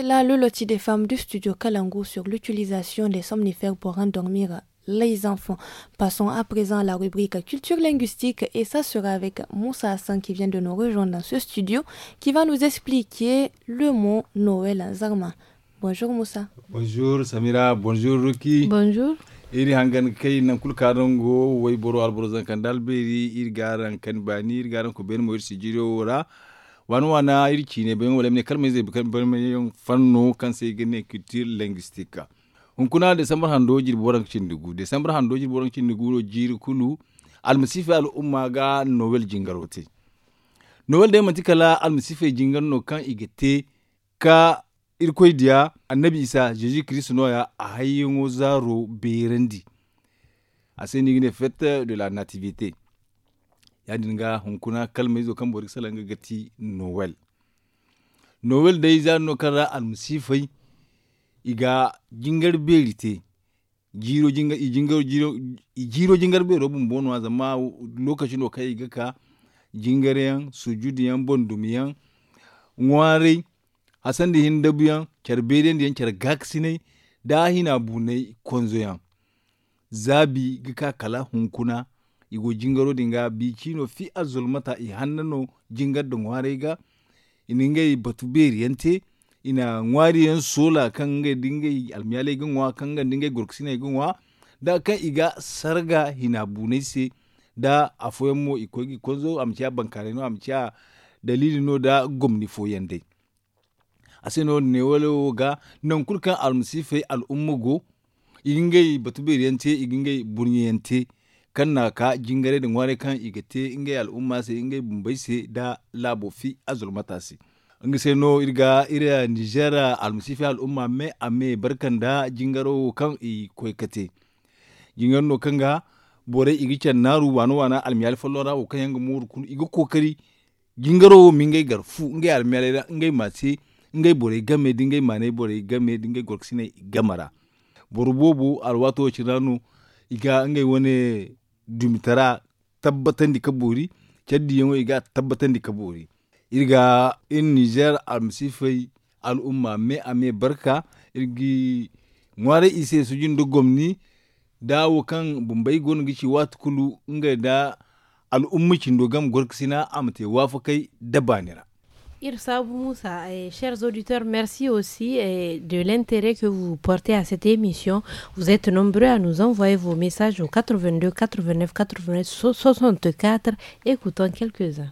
Là, le loti des femmes du studio Kalango sur l'utilisation des somnifères pour endormir les enfants. Passons à présent à la rubrique culture linguistique et ça sera avec Moussa Hassan qui vient de nous rejoindre dans ce studio qui va nous expliquer le mot Noël Zarma. Bonjour Moussa. Bonjour Samira, bonjour Ruki. Bonjour. iri hangan kan garan wani wana irki ne bayan wala ne zai bukar fanno kan sai gane kitir linguistika hunkuna samar hando cin dugu da samar hando jir cin dugu ro jiri kulu almasifa al'umma umma ga novel jingarote novel de matikala almasifa jingar no kan igete ka irkoi diya annabi isa jeji kristo noya a hayyin zaro berendi a sai ni ne fete de la nativite. yadin ga hunkuna kalma izo kan borik salanga gati noel noel dai za no kara almusifai iga jingar berite jiro jingar jingar jiro jiro jingar bero bun bonwa zama lokacin no kai ga ka jingaren sujudiyan bondumiyan ngware hasan da hindabuyan kerbeden da yankyar gaksine da hina bunai konzoyan zabi gaka kala hunkuna igo jingaro dinga bicino fi azulmata i hannano jingar da ngware ga iningai batu yante ina ngwari yan sola kan ga dingai almiyalai gunwa kan ga dingai gurksina gunwa da kan iga sarga hina bunese da afoyan mo ikogi konzo amciya bankare no amciya dalili no da gomni yande ase no ne wale ga nan kulkan almusife al'ummugo igingai batubiriyante igingai bunyiyante kan na ka jingare da ngware kan igate ingai al'umma se ingai bumbai se da labo fi azul mata se in sai no irga ira niger almusifi al'umma me ame barkan da jingaro kan i koikate jingar no kan ga bore igicen can naru wano wana almiyal fallora o kan yanga muru kun igi kokari jingaro mingai garfu inga almiyal ingai mate ingai bore game dingai mane bore game dingai gorksine gamara borubobu alwato cirano iga ngai wani dumitara tabbatan di kabori caddi yango iga tabbatan di kabori irga in niger al al'umma me ame barka irgi ngware ise sujin do gomni dawo kan bumbai gon gici wat kulu nga da al'ummicin do gam gorksina amte wafakai dabanira Irsa et chers auditeurs, merci aussi de l'intérêt que vous portez à cette émission. Vous êtes nombreux à nous envoyer vos messages au 82 89 89 64. Écoutons quelques-uns.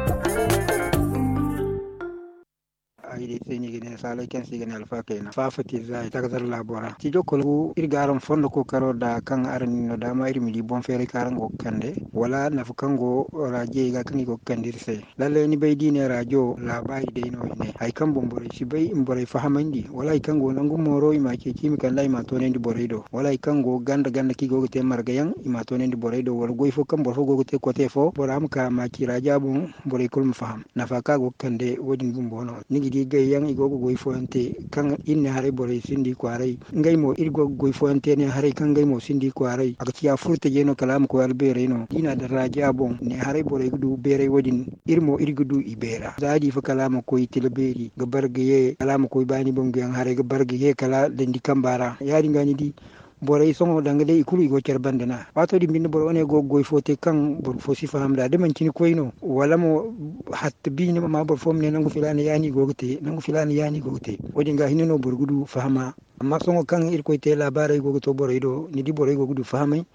ayidi se nyigine sala ken sigine alfa kayna fa fati zai la bora ti jokkolgu irgaran fondo ko karo da kan arani no dama iri di bon fere karan go kande wala fu kango je ga kan go kandir se le ni bay dine rajo bay de no ne ai kan bore si bay im bore fahamandi wala ai kango nangu moro ima ke kimi kan lay ma to ne bore do wala ai kango ganda ganda ki go te marga yang ima to ne bore do wala go ifo kan borfo go te te fo am ka ma ki ra jabu bore mu faham fa ka go kande wajin bumbono nigi di gay yang igogo goy fonte kan inne hare bore sindi kwarai ngai mo irgo goy fonte ne hare kan ngai mo sindi kwarai ak ciya furte jeno kalam ko albere no ina da raja bon ne hare bore gudu bere wodin irmo irgudu ibera zadi fa kalama koy tilberi gabar gaye kalama ko bani bon yan hare gabar gaye kala dendi kambara yari ngani di boray songo dangale ikulu igo cerbandena wato di min bor one go goy fote kan bor faham famda de man cini no wala mo hatta bi ne ma bor ne nangu filani yani gogte nangu filani yani gogte wodi ga hinno bor gudu fahama amma songo kan ir koyte labara igo to boray do ni di boray go gudu fahamai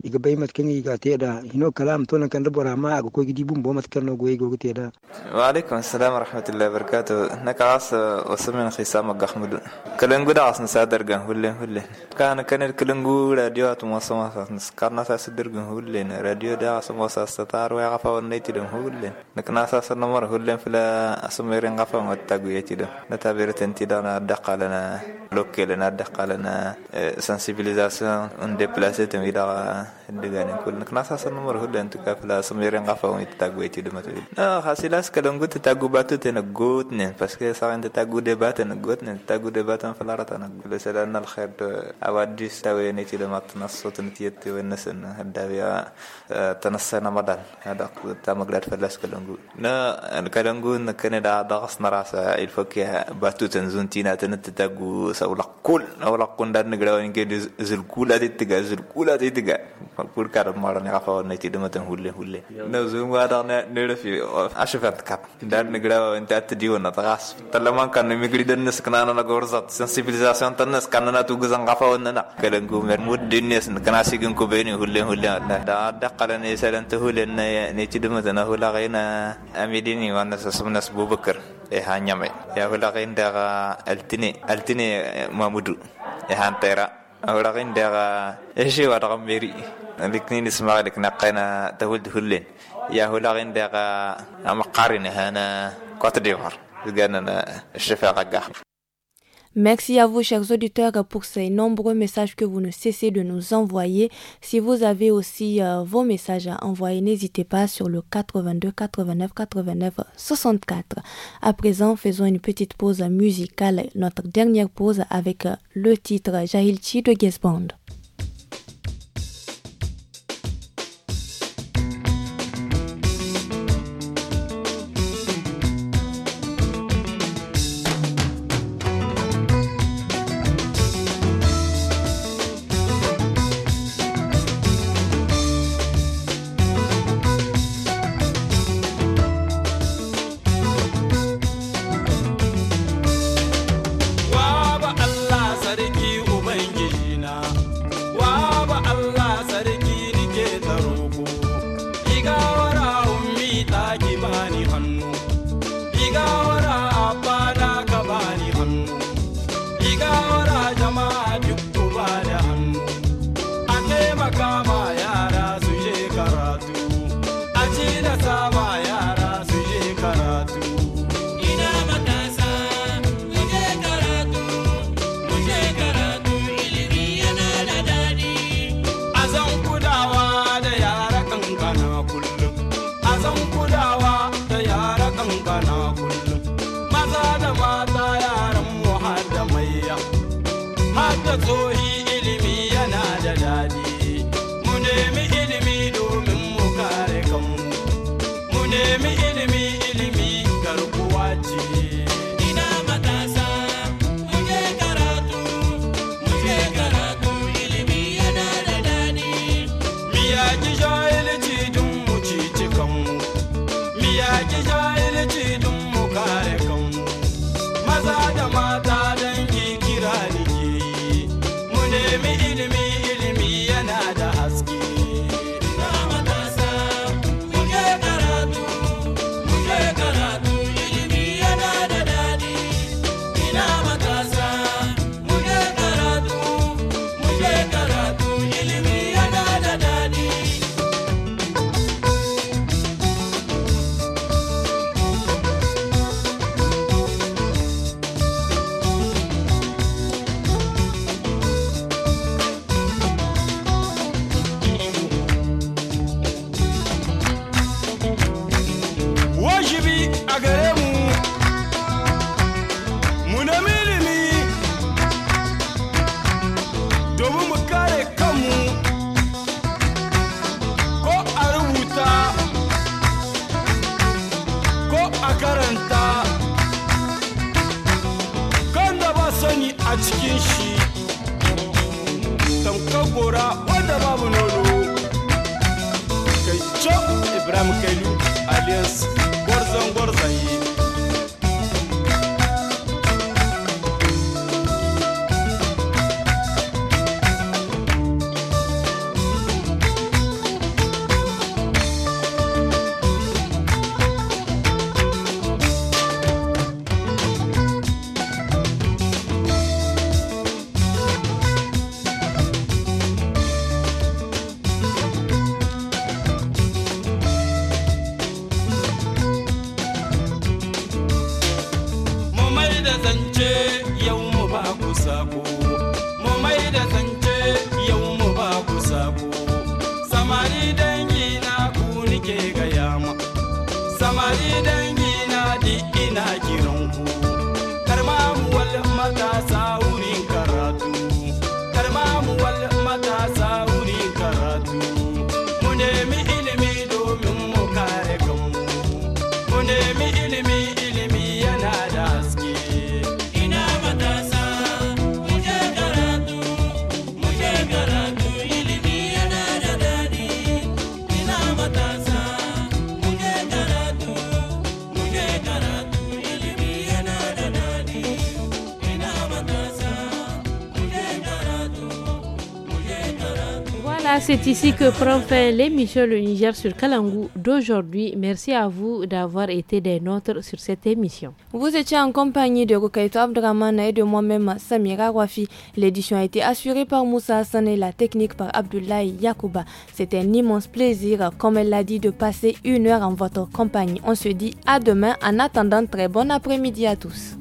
iga bay kan iga teda hino kalam tona kan rabo rama ago koy gidi bumbo matkan kan goy gogo teda wa alaikum assalam wa rahmatullahi wa barakatuh nakas wasamin khisam gahmud kalangu da asna sadar gan hulle hulle kan kan kalangu radio at mosama sa karna sa sadar gan hulle na radio da asma sa satar wa gafa wa neti dum hulle nakna sa sa namar hulle fila asmirin gafa wa tagu taguyati dum na natabiratan tidana daqalana lokkelana daqalana sensibilisation on déplacer tamida dengan yang kulna kena sasa nomor hu dan tuka pula semir yang kafa umi tetagu eti dema tu no hasilas kalau ngut tetagu batu tena gut nen paske saran tetagu debat tena gut nen tetagu debat tena falara tena gula sadan al khair awadis tawe ne ti dema tena sotun tiet tu wenna sen hadda ya تنسينا مدن هذا تام قدر فلاس كلنجو نا أنا كلنجو إن كان دا دغس نراسا الفكية باتو تنزون تينا تنت تجو سأقول كل لا كون دار نقدر وين كده زلكولا تيتجا زلكولا تيتجا فكر كارم مرة نقفا نتي دم تنهولة هولة زوم هذا نا نرفي أشوفت كاب دار نقدر وين تاتديو تغاس تلما كان نمقدر دنس كنا أنا غورزات سنسيبيليزاسيون تنس كنا نتوجز نقفا وننا كلنجو مرمود دنيس كنا سيجن كوبيني هولة هولة دا دا يسالن تهول ان نتدم يعني ذنا هلا غينا أميدني وانا سمنا سبو بكر إيه هنيمة يا هلا غين دعا ألتني ألتني ما مدو إيه هنتيرا هلا غين دعا إيشي وادع مري لكني نسمع لك نقينا تهول هلين يا هلا غين دعا أم قارن هنا قط ديوار قالنا الشفاعة قاحم Merci à vous, chers auditeurs, pour ces nombreux messages que vous ne cessez de nous envoyer. Si vous avez aussi euh, vos messages à envoyer, n'hésitez pas sur le 82 89 89 64. À présent, faisons une petite pause musicale, notre dernière pause avec euh, le titre Jahilchi de Guessband. ainsi que prend fin l'émission Le Niger sur Kalangou d'aujourd'hui. Merci à vous d'avoir été des nôtres sur cette émission. Vous étiez en compagnie de Rukaito Abdramana et de moi-même Samira Wafi. L'édition a été assurée par Moussa Hassan et la technique par Abdoulaye Yakouba. C'était un immense plaisir, comme elle l'a dit, de passer une heure en votre compagnie. On se dit à demain. En attendant, très bon après-midi à tous.